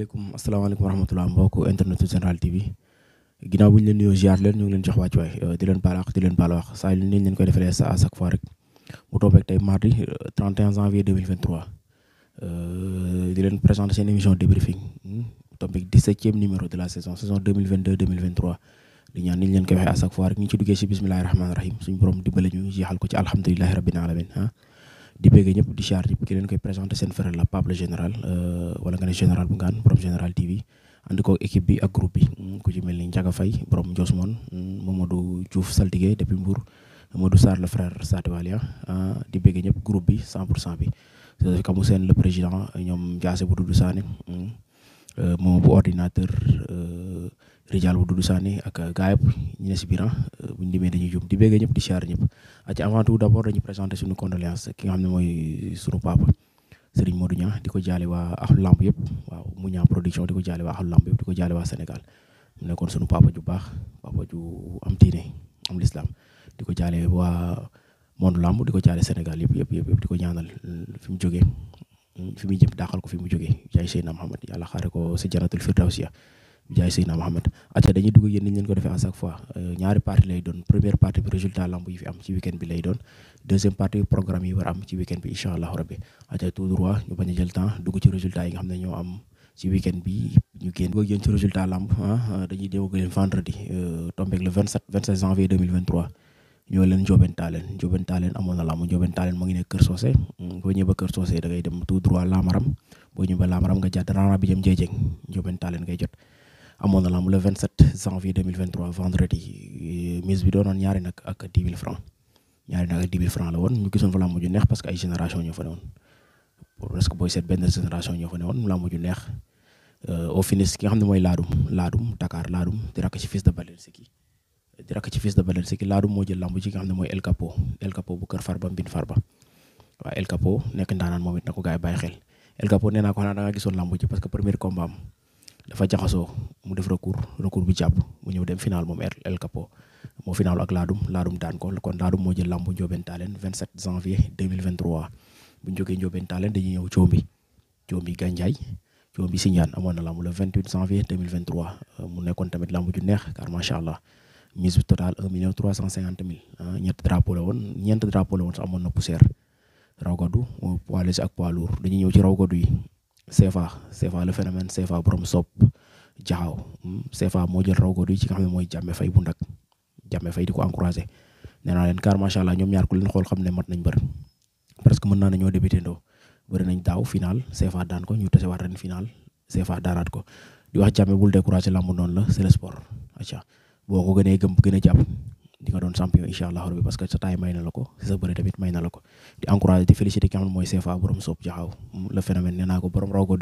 عليكم السلام عليكم ورحمة الله وبركاته إنترنت جنرال تي في جينا بقول لنا نيو جيار لنا نقول لنا جوا جوا دلنا بالاق دلنا بالاق سايل نين نقول لنا فلسة أسك فارق وتوبك تايم ماري 31 سنة في 2023 دلنا بريزنت سينيما شون ديبريفين توبك 17 نمبر دلنا سيزون سيزون 2022-2023 لين نين نقول لنا فلسة أسك فارق نيجي دوجي بسم الله الرحمن الرحيم سنبرم دبلجيو جي حالك الحمد لله رب العالمين ها di bëgg ñëpp di char yëpp ki leen koy présenté seen frère la Pape le général euh, wala nga ne général bu ngaan borom général TV ànd ko équipe bi ak groupe bi mm, ku ci mel ni Ndiaga Faye borom Ndiosmone mm, Mamadou Diouf Saltigué depuis Mbour Modou Sarr le frère Satiwalia euh, di bëgg ñëpp groupe bi 100 pour cent bi Kamou seen le président ñoom Ndiassé bu Doudou Sané moom bu euh, ordinateur rijal bu dudu sani ak gaayab ñi ne ci biran buñ démé dañu jum di bégé ñëpp di xaar ñëpp ci avant tout d'abord dañu présenter suñu condoléances ki nga xamné moy suñu papa serigne modou ñan diko jaalé wa ahlul lamb yépp waaw mu ñaan production diko jaalé wa ahul lamb yépp diko jaalé wa sénégal ne kon suñu papa ju baax papa ju am diiné am l'islam diko jaalé wa monde lamb diko jaalé sénégal yépp yépp yépp diko ñaanal fimu joggé hmm, fimu jëm daxal ko fimu joggé jay seyna mohammed yalla xaré ko ci jaratul firdausia ya. jaay Seydina Mohamed acca dañuy dugg yéen ni ñu leen ko defee à chaque fois euh, ñaari partie lay doon première partie bi résultat lamb yi am ci week bi lay doon deuxième partie programme yi war am ci week bi incha allah rabbi acca tout droit ñu bañ jël temps dugg ci résultat yi euh, vendredi euh, tombeeg le janvier ñoo leen Ndiobène Talen Ndiobène Talen amoon na lamb Ndiobène Talen mu ngi Kër Socé hmm, boo ñëwee Kër Socé da ngay dem tout droit Lamaram amoon na lamb le 27 janvier 2023 vendredi mise bi doonoon ñaari nag ak 10 000 francs ñaari nag ak 10 000 francs la woon ñu gisoon fa lamb ju neex parce que ay génération ñoo fa newoon presque booy ju neex euh, au finish ki nga xam ne mooy laadum laadum Dakar laadum di rakk ci fils de Balensiki di rakk ci fils de Balensiki laadum moo jël lamb ji nga xam ne mooy El Capo bu kër Farba Mbin Farba waaw El nekk ndaanaan dafa jaxasoo mu def recours recours bi jàpp mu ñëw dem final moom El Capo moo final ak Laadum Laadum daan ko kon Laadum moo jël làmbu Ndiobène Tallene 27 janvier 2023 bu ñu jógee Ndiobène Tallene dañuy ñëw Coombi Coombi Gandiaye Coombi Signane amoon na làmb le 28 janvier 2023 euh, mu nekkoon tamit làmb ju neex car macha allah mise bi total 1 million 350 mille euh, ñett drapeau la woon ñeent drapeau la woon sax amoon na poussière raw gàddu euh, poids léger ak poids lourd ñëw ci raw gàddu yi. CFA CFA le phénomène CFA borom sopp jaxaw CFA hmm, moo jël raw ci nga xam ne mooy jàmme fay bu ndak jàmme fay di ko encouragé nee naa leen car macha allah ñoom ñaar ku leen xool xam ne mat nañ bër parce que mën naa ne ñoo débuté ndoo bëri nañ daaw final CFA daan ko ñu tasewaat ren final CFA daanaat ko di wax jàmme bul découragé lamb la c'est le sport acca boo ko gënee gëm gën a jàpp di nga doon champion incha allah rabbi parce que sa taay may na la ko sa bëre tamit may na la ko di félicité ki nga xam mooy CFA borom soob jaxaw le phénomène nee ko borom ko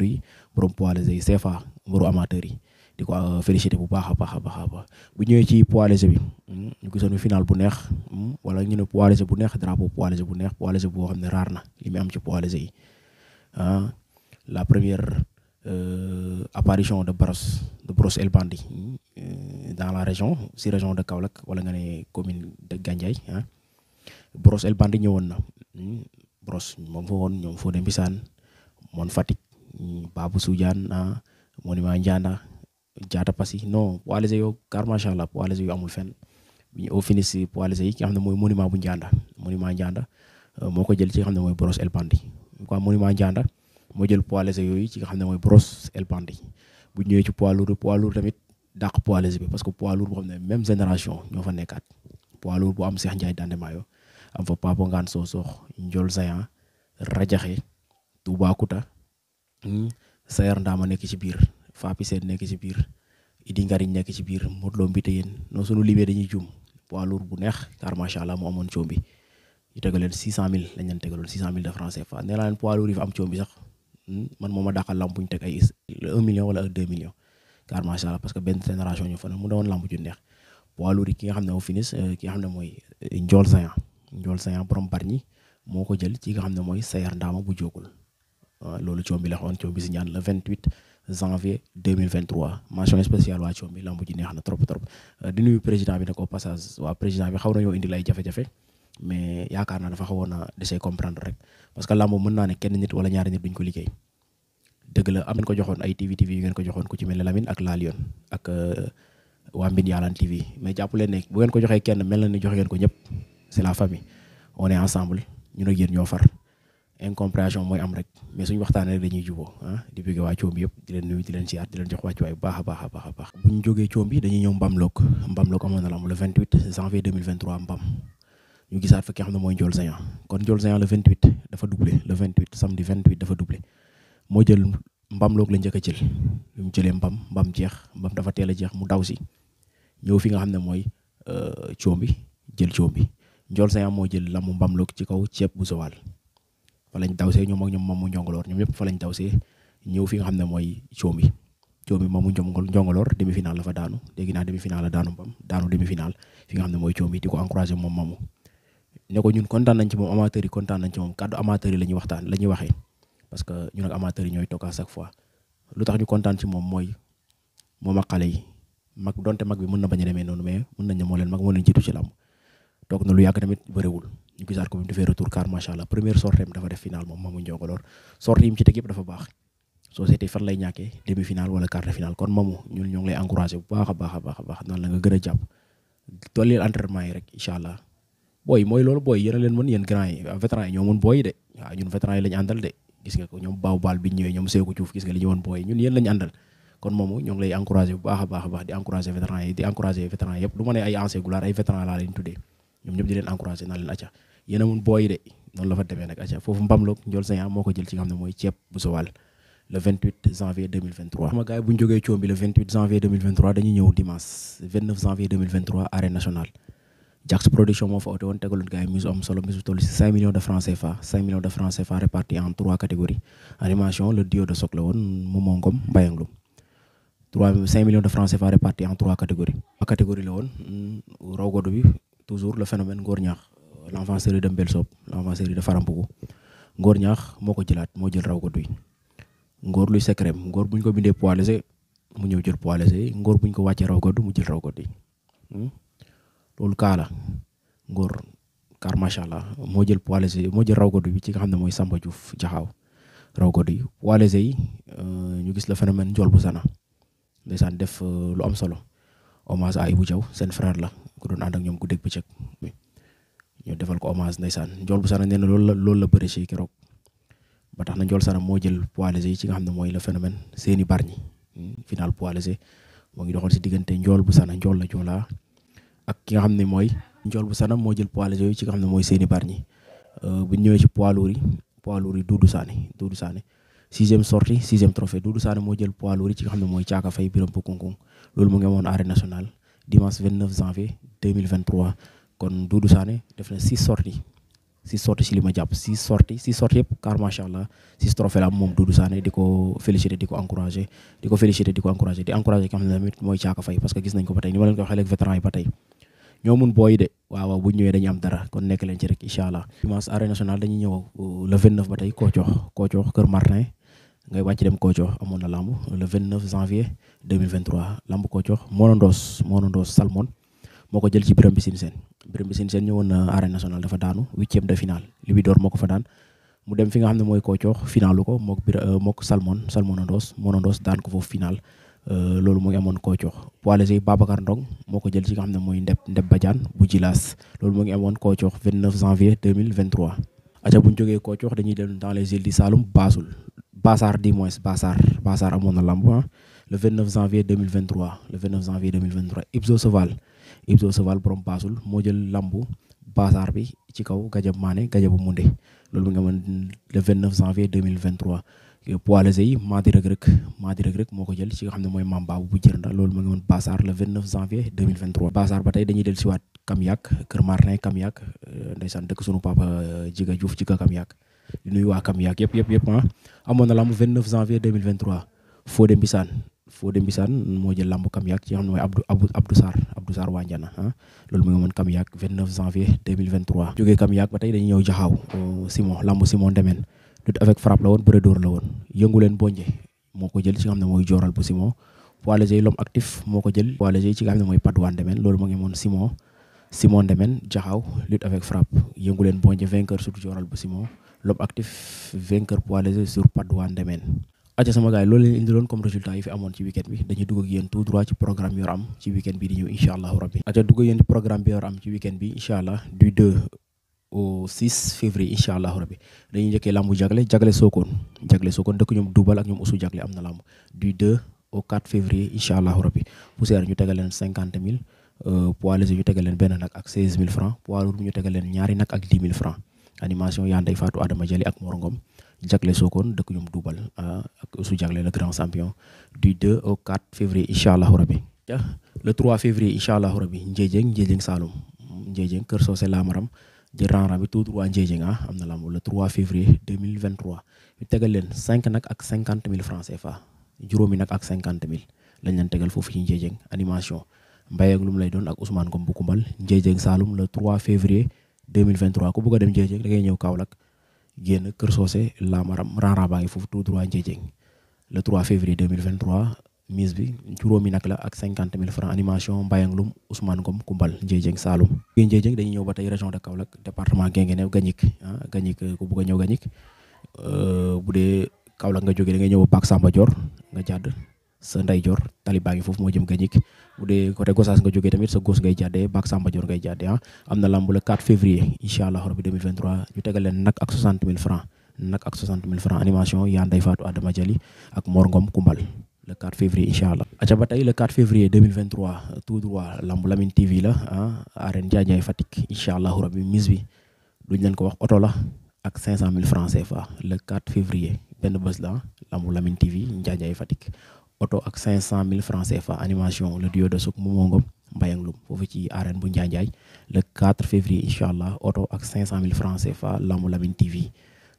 euh, félicité bu baax a baax a baax a baax bu ñëwee ci poids léger bi hmm, ñu gisoon final bu neex hmm, wala ñu ne poids léger bu neex drapeau poids léger bu neex poids léger boo xam ne raar na li muy am ci poids ah, la première euh, apparition de de Brosse El Bandi hmm, dans la région si région de Kaolack wala nga ne commune de Gandiaye ah Brosse El Bandit ñëwoon na hmm, Brosse moom fa woon ñoom Fodé Mbissane moon Fatick hmm, Babou Soudiane ah Monument Ndianda Diatta Passy non poids légers yow car macha allah poids légers yu amul fenn biñu au finish yi nga xam ne mooy Monument bu Ndianda euh, moo ko jël ci nga xam ne mooy Brosse El Bandit quoi Monument Ndianda moo jël poids légers ci nga xam ne mooy Brosse El Bandit bu ñëwee ci poids lourd tamit. dàq poids léger bi parce que poids lourd boo xam ne même génération ñoo fa nekkaat poids lourd bu am Cheikh Ndiaye Dande Maayo am fa Papa Ngane Sossokh Ndiol Zayan Rajaxe Toubacouta hmm, Sayer Ndama nekk ci biir Fapi Seen nekk ci biir Idi Ngariñ nekk ci biir Modou Lo Mbite yéen non sunu limee dañuy juum poids bu neex car macha allah mu amoon coom bi ñu tegaleen 600000 lañ leen tegaloon 600000 de francs CFA nee naa leen poids yi fa am coom bi sax hmm, man moom a dàqal lam bu ñu teg ay 1 million wala 2 millions. car macha allah parce que benn génération ñu fa ne mu doon lamb ju neex poids lourd ki nga xam ne euh, mooy euh, Ndiol Sayan Ndiol Sayan borom Bargny moo ko jël ci nga xam ne mooy Sayer Ndama bu jógul loolu coom bi la xoon coom bi si ñaan le 28 janvier 2023 mention spéciale waa coom bi lamb ji neex na trop trop euh, di nuyu président bi nag au passage waa lay jafe-jafe mais naa dafa xawoon a dese comprendre rek parce que lamb mën naa ne kenn nit wala ñaari nit duñ ko liggéey c'est la am ko joxone ay TV TV yu ko ku ci mel Lamine ak La ak euh, wa TV mais bu ngeen ko joxe kenn ni joxe ko c'est la famille on est ensemble ñu ño far incompréhension moy am rek mais suñu waxtane rek dañuy que ah, di bëgg wa yëpp di leen nuyu di leen di leen jox way baaxa a baaxa baax a joggé bi dañuy mbam lok mbam lok amon la le 28 janvier 2023 Mbam ñu fa kon le 28 dafa le 28 samedi 28 dafa doubler. moo jël mbam loog la njëkk a jël bi mu jële mbam mbam jeex mbam dafa teel jeex mu daw si ñëw fi nga xam ne mooy coom euh, bi jël coom bi njool sañam jël lamu mbam loog ci kaw ceeb bu sowal fa lañ daw see ñoom ak ñoom mamu njongoloor ñëw fi nga xam ne mooy coom bi coom bi mamu njongoloor demi final la fa daanu léegi naa demi final la daanu mbam daanu demi final fi nga xam ne mooy coom bi di ko encouragé moom mamu ne ñun kontaan nañ ci moom amateur yi kontaan nañ ci moom kàddu amateur yi la ñuy waxtaan la ñuy waxee parce que ñun ak amateurs ñooy toog chaque fois lu tax ñu kontaan ci moom mooy moom ak xale yi mag donte mag bi mën na bañ a demee noonu mais mën nañ ne leen mag moo leen jiitu ci làmb toog na lu yàgg tamit bëriwul ñu gisaat ko bi mu defee retour car macha première sortie am dafa def final moom Mamou Ndiogolor sortie yi mu ci teg yëpp dafa baax soo seetee fan lay ñàkkee demi final wala quart final kon Mamou ñun ñoo lay encouragé bu baax a baax a baax a baax naan a a leen gis nga ko ñoom baaw baal bi ñëwee ñoom seeku cuuf gis nga li booy ñun yéen lañu àndal kon moomu ñoo lay encouragé baax a baax di encouragé vétéran yi du ma ay ancien goulaar ay vétéran laa leen tuddee ñoom ñëpp di leen encouragé naa acca yéen mun booy de noonu la fa demee nag acca foofu mbamloog njool sañaa moo ko jël ci nga ne mooy ceeb bu sowal le 28 janvier 2023 xam nga gars yi bu ñu jógee coom bi le janvier Jax production moo fa oote woon tegaloon gars yi mise am solo mise toll si 5 millions de francs CFA 5 millions de francs CFA répartis en trois catégories animation le duo de soc la woon Momo Ngom Mbayang Loum 3 5 millions de francs CFA répartis en trois catégories. ma catégorie la woon mm, raw godu bi toujours le phénomène Ngor Ñaax l'enfant de Mbel Sob l'enfant de Farambugu Ngor Ñaax moo ko jëlaat moo jël raw godu bi ngoor luy secret Ngor bu ñu ko bindee poids ñëw jël poids léger Ngor ko wàccee raw godu mu loolu kaala la ngóor car macha allah moo jël poids léger moo jël raw gàddu bi ci nga xam ne mooy Samba Diouf jaxaaw raw gàddu yi poids léger yi euh, ñu gis la phénomène njool bu sana ndeysaan def euh, lu am solo hommage à Ibou Diaw seen frère la ku doon ànd ak ñoom ku bu bëccëg ñoo defal ko hommage ndeysaan njool bu sana nee na loolu la loolu la bëri si keroog ba tax na njool sana moo jël poids léger yi ci nga xam ne mooy la phénomène seeni barñi hmm, final poids léger moo ngi doxal si diggante njool bu sana njool la joolaa ak ki nga xam ne mooy njool bu sanam moo jël poids yooyu ci nga xam ne mooy seeni barñi euh, bu ñu ñëwee ci poids lourd yi poids lourd sixième sortie sixième trophée Doudou Sané moo jël poids lourd ci xam ne mooy caaka fay biram pokunkung loolu mu ngi amoon arène nationale dimanche 29 janvier kon Doudou Sané def six sorties six sorties ci li ma jàpp six sorties six sorties yëpp car macha allah six trophées la moom Doudou Sané di ko féliciter encourager di encourager di ne tamit mooy caaka fay ñoo mun booy de waaw waaw bu ñëwee dañu am dara kon nekk leen ci rek incha allah. dimanche arène nationale dañuy ñëw euh, le 29 ba tey Kocoox Kocoox Kër Martin ngay wàcc dem Kocoox amoon na lamb le 29 janvier 2023 lamb Kocoox Mawla Ndoos Mawla Ndoos Salmon moo ko jël ci Birame Bissine Sène Birame Bissine Sène ñëwoon na arène nationale dafa daanu huitième de finale li moo ko fa daan. mu dem fi nga xam ne mooy Kocoox finalu ko mook bir euh, mook Salmon Salmon Ndoos Mawla Ndoos daan ko foofu final. Euh, loolu mu ngi amoon Kocor poids léger Babacar Ndong moo ko jël ci nga xam ne mooy Ndeb Ndeb Badiane bu Jilaas loolu mu ngi amoon Kocor 29 janvier 2023. aca bu ñu jógee Kocor dañuy dem dans les îles du Saloum Baasul Basaar di moins Basaar Basaar amoon na lamb ah le 29 janvier 2023 le 29 janvier 2023 Ibzo Soval Ibzo Soval borom Baasul moo jël lambu Basaar bi ci kaw Gajab Maane Gajabu Munde loolu mu ngi amoon le 29 janvier 2023. poids yi Madi Reug Reug Madi Reug Reug moo ko jël ci nga xamne moy mooy bu jël ndax lolou ma ngi won bazar le 29 janvier 2023 bazar batay dañuy del yak Kamyak marne kam Kamyak ndaysan dekk sunu papa euh, Jiga ci kam Kamyak di nuyu wa Kamyak yak yep yep yep ah. amoon na lamb 29 janvier 2023 bisane fo dem bisane mo jël lamb Kamyak ci xamne moy abdou Abdou Abdou sar Abdou sar waa Njana ah. ma ngi kam Kamyak 29 janvier 2023 jógee Kamyak yak batay dañuy ñew jaxaw euh, Simon lamb Simon Demen lutte avec frappe la woon bëre dóor la woon yëngu bonje moo ko jël ci nga ne mooy jooral bu Simon poids léger l'homme actif moo ko jël ci nga xam ne mooy Padoua Ndemen loolu moo ngi Simon Simon Ndemen jaxaw avec frappe yëngu bonje vainqueur sur jooral bu Simon l'homme actif vainqueur poids léger sur Padoua Ndemen aja sama gars yi leen comme résultat yi fi amoon ci week bi dañuy dugg ak tout droit ci programme yor am ci week bi di ñëw incha au 6 février incha allah rabi dañuy njëkkee làmbu jagle jagle Sokone jagle Sokone dëkk ñoom Doubal ak ñoom Oussou jagle am na làmb du 2 au février incha allah rabi poussière ñu tegal leen 50 000 euh, ñu tegal leen benn nag ak 16 mille francs poids lourd ñu tegal leen ñaari nag ak 10 000 francs animation yaa nday Fatou Adama Jali ak Mor Ngom jagle Sokone dëkk ñoom duubal euh, ak Oussou jagle le grand champion du 2 au 4 février incha allah rabi le 3 février incha allah rabi Ndiédiène Ndiédiène Saloum Ndiédiène Kër Socé Lamaram jël rang-rang bi tout droit Ndiédiène ah am na lamb le 3 février 2023 ñu tegal leen cinq nag ak 50 000 francs juro mi nag ak 50 mille lañ leen tegal foofu ci Ndiédiène animation Mbaye ak lu lay doon ak Ousmane Ngom bu Kumbal Ndiédiène Saloum le 3 février 2023 ku bëgg a dem Ndiédiène da ngay ñëw Kaolack génn Kër Socé laamaram rang-rang baa ngi foofu tout droit Ndiédiène le 3 février 2023 mise bi romi nak la ak 50000 francs animation Mbayang Loum Ousmane gom kumbal Ndiédiène Saloum gi Ndiédiène dañuy ñëw ba tey région de Kaolack département Guinguinéo gagnik ah Gagnick ku bugg a ñëw Gagnick euh, Kaolack nga joggé da ñëw ba Samba Dior nga jadd sa ndeyjoor tali baa ngi foofu moo jëm gagnik budé côté Gossas nga joggé tamit sa goss ngay jaddé Pàcc Samba Dior ngay jaddé ah am lamb le 4 février inshallah rabbi 2023 ñu tégal leen nak ak 60000 francs nak ak 60000 francs animation yaa Fatou Adama Diali ak Mor Ngom le 4 février inshallah. allah. aca le 4 février 2023 tout droit lamb TV la ah arène Ndiadiaye Fatick inshallah, allah rabi mise bi duñ leen ko wax 500 000 francs CFA le 4 février ben de la lamb Lamine TV Ndiadiaye Fatik. Auto ak 500 000 francs CFA animation le duo de Souk Momo Ngom Mbayang Loum foofu ci arène bu le 4 février inshallah, auto avec 500 000 francs CFA lamb TV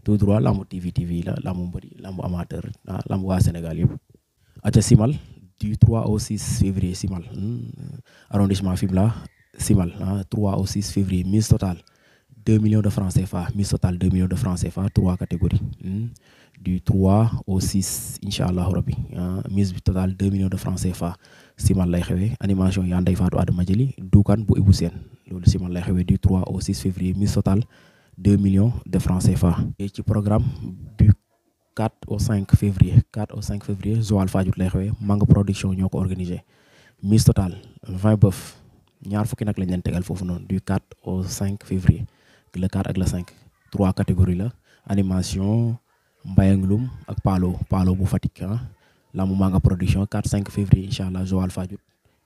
tout droit lamb TV TV la lamb amateur ah, lamb Sénégal du 3 au 6 février Simal hmm, euh, arrondissement Fimela Simal 3 hein, au 6 février mise totale 2 millions de francs CFA mise totale 2 millions de francs CFA trois catégories hmm, du 3 au 6 inshallah, hein, mise totale 2 millions de francs CFA Simal lay animation Yandai Fadou Fatou Adama pour du 3 au 6 février mise totale 2 millions de francs CFA et ci programme du 4 au 5 février 4 au 5 février Joal Fadiouth lay xewé Manga production ñoko organiser organisé mise totale 20 bœuf ñaar fukki nak lañ leen tégal fofu non du 4 au 5 février le 4 ak le 5 trois catégories là, animation Mbayang Loum ak Palo palo bu ah. la Manga production 4 5 février inshallah allah Joal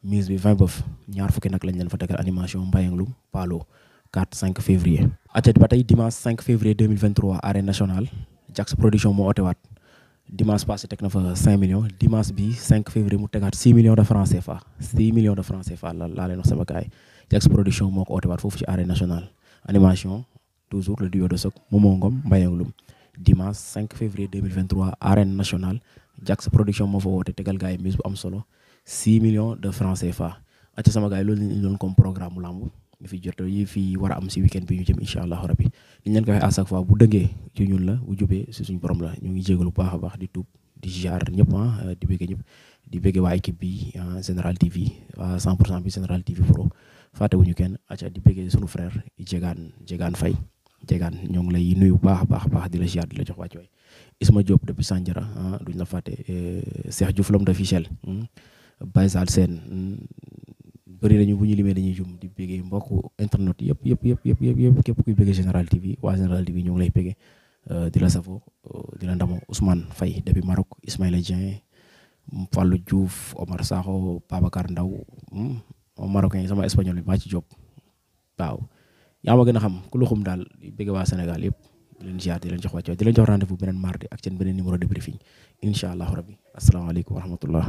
mise bi 20 bœuf ñaar fukki nak lañ leen fa tégal animation Mbayang Loum palo 4 5 février. atet batay dimanche 5 février 2023 arène nationale. Jax production moo ootewaat dimanche passé teg na fa 5 millions dimanche bi 5 février mu tegaat 6 millions de francs CFA 6 millions de francs CFA la la leen sama gars Jax production moo ko ootewaat foofu ci arène nationale animation toujours le duo de soc Momo Ngom Mbaye dimanche 5 février 2023 arène nationale Jax production mo fa woote tegal gay am solo 6 millions de francs CFA acca sama gay lolou loolu lañu doon comme programme mu yu fi jot yi fi war a am si weekend bi ñu jëm incha allahu rabbi ñu leen ko waxee à chaque bu dëngee ci ñun la bu jubee si suñu borom la ñu ngi jégalu bu baax a baax di tuub di jaar ñëpp ah di bëgg ñëpp di bëgg waa équipe bi ah, Général TV waa 100 pour cent bi Général TV Pro fàttewuñu kenn aca ah, di bëgg suñu frère Diegane Diegane fay Diegane ñoo ngi lay nuyu bu baax a baax a baax di la jaar di la jox wàcc waay Isma Diop depuis Sandiara ah, duñ la fàtte eh, Cheikh Diouf l'homme d'officiel hmm, Baye Sall Sène hmm, bëri nañu bu ñu limee dañuy jum di bëggee mbokku internet yëpp yëpp yëpp yëpp yëpp yëpp képp kuy bëggee Général TV waa Général TV ñu ngi lay bëggee euh, di safo euh, di la ndamoo fay Faye depuis Maroc Ismaïla Dieng Fallou Diouf Omar Sakho Babacar Ndaw hmm, marocain sama espagnol bi maa ci jóg waaw yaa ma xam ku lu xum daal bëgg waa Sénégal yëpp di leen ziar di leen jox wàcc di leen jox rendez-vous beneen mardi ak seen beneen numéro de briefing incha allahu rabbi asalaamaaleykum wa rahmatullah